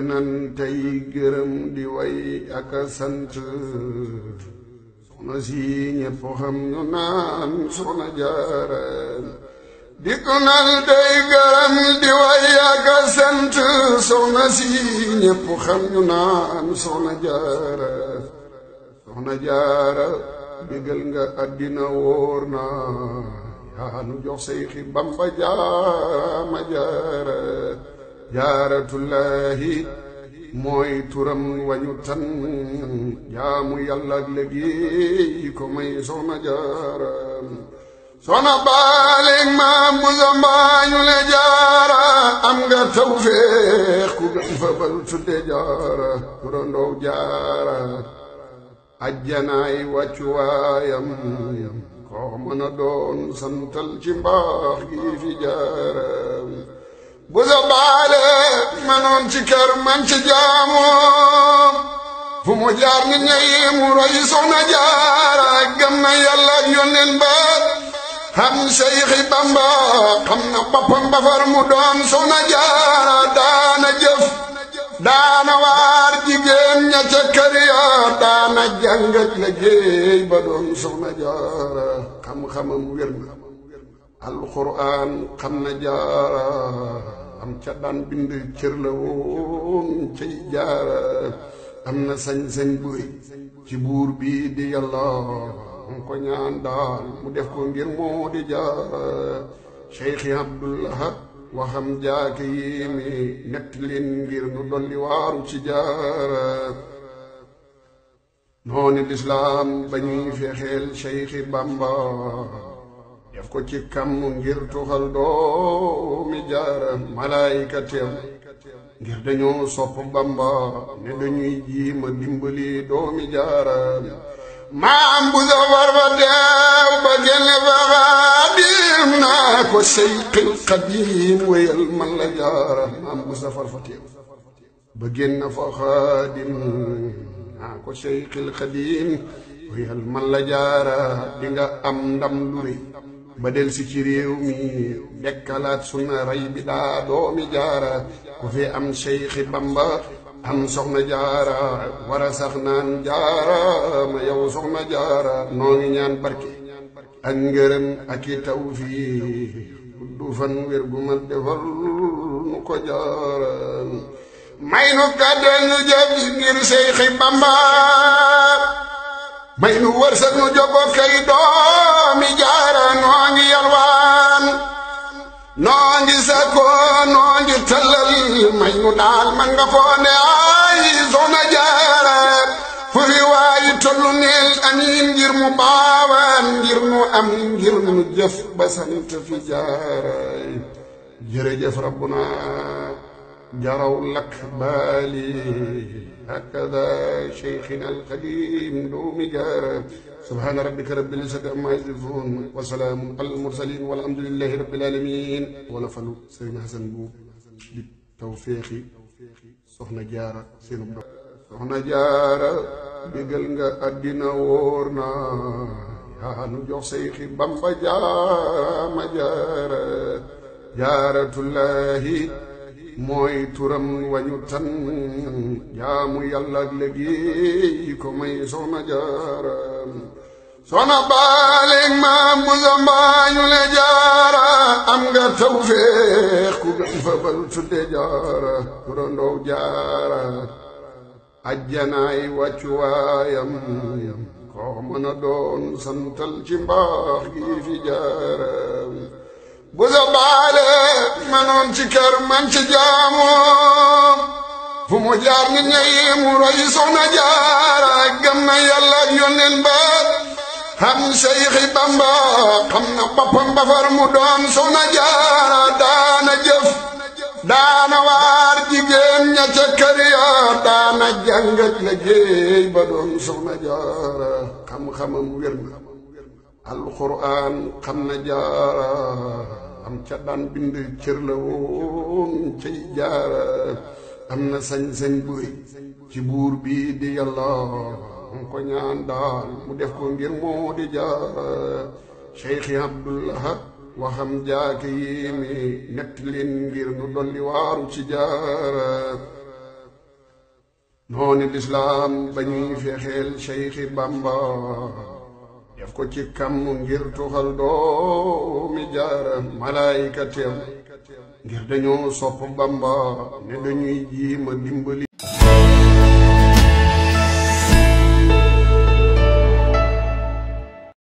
nan tey gërëm di way ak sant soxna si ñépp xam ñu naan soxna jaara di ko nan tey gërëm di way ak sant soxna si ñépp xam ñu naan soxna jaara soxna jaara bégal nga àddina wóor na yaa nu jox say xi Bamba ma jaara jaaratullahi mooy turam wañu tan jaamu yàlla ak léegi ko may soxna jaaram soxna baaleeg maam bu zambaañu le jaara am nga tawfeex ku gën fa bal tudde jaara turandoo jaara ajjanaay wàccuwaayam koo mën a doon santal ci mbaax fi jaaram bu sa baale manoon ci kër man ci jaamoom fu mu jaar nit ña yéemu roy jaara gëm na yàlla ak yónneen ba xam seyxi bamba xam na boppam bafar mu doon soxna jaara daana jëf daana waar jigéen ña ca kër ya daana jàngat liggéey ba doon soxna jaara xam-xamam wér na alquran xam na jaara am ca daan bind cër la woon am na sañ-sañ bu ci buur bi di yàlla am ko ñaan daal mu def ko ngir moo di jaara cheikhi abdullah waxam jaake yi mi nett leen ngir nu dolli waaru ci jaara noonu lislaam ba ñuy fexeel cheikhi bamba def ko ci kam ngir tuxal doomi malaayikateem ngir dañoo sopp bamba ne dañuy jiima dimbali bu sa warfa deew ba génne fa xaadim naa ko seyqil xadim wéyal man la jaara jaara di am ndam lu rëy ma del si ci réew mi dekkalaat sunna rey bi daa doomi jaara ku fi am Seexi Bamba am soxna jaara war a sax naan jaara ma yow soxna jaara noo ngi ñaan barke ak ngërëm ak i taw fii defal nu ko jaara may nu kàddal nu jëf ngir Seexi Bamba may nu wërsëg nu jogo kay doomi jaara noo yalwaan noo ngi sako noo may nu daal man nga koo ay soxna jaara fu fi tollu neel amiin ngir mu baawaan ngir nu am ngir nu jëf ba sant fi jaara jërëjëf rabbuna jaraw lak baali hakada cheikhina alqadim doomika subhaana rabbika rabbil izzati amma yasifun wa salaamun alal mursalin walhamdulillahi rabbil alamin wala falu sëriñ Hasan bu di tawféexi soxna jaara seen do soxna jaara digal nga àddina wóor na yaa nu jox seyxi Bamba jaara ma jaara jaaratullahi mooy turam wañu tan jaamu yàlla ak léegi ko may soxna jaaram soxna baaleeg maam bu sambaañu le jaara am nga tawfeex ku gam fa bal tudde jaara turandoow jaara ajjanaay wàccuwaayam koo mën a doon santal ci mbaax fi jaara noon ci kër man ci jaamoom fu mu jaar nit ña yéemu roy jaara gëm na yàlla ak yónneen ba xam seyxi bamba xam na boppam ba far mu doon soxna jaara daana jëf daana waar jigéen ña ca kër daana jàngat la géey ba doon soxna jaara xam-xamam wér na alquran xam na jaara am ca daan bind cër la woon am na sañ-sañ bu ci buur bi di yàlla mu ko ñaan daal mu def ko ngir moo di jaara Cheikh Abdullah waxam jaake yii mi nett leen ngir nu dolli waaru ci jaara noonu lislaam ba ñuy fexeel Cheikh def ko ci kam ngir tuxal doomi jaara malaayikatiyam ngir dañoo sopp Bamba ne dañuy jiima dimbali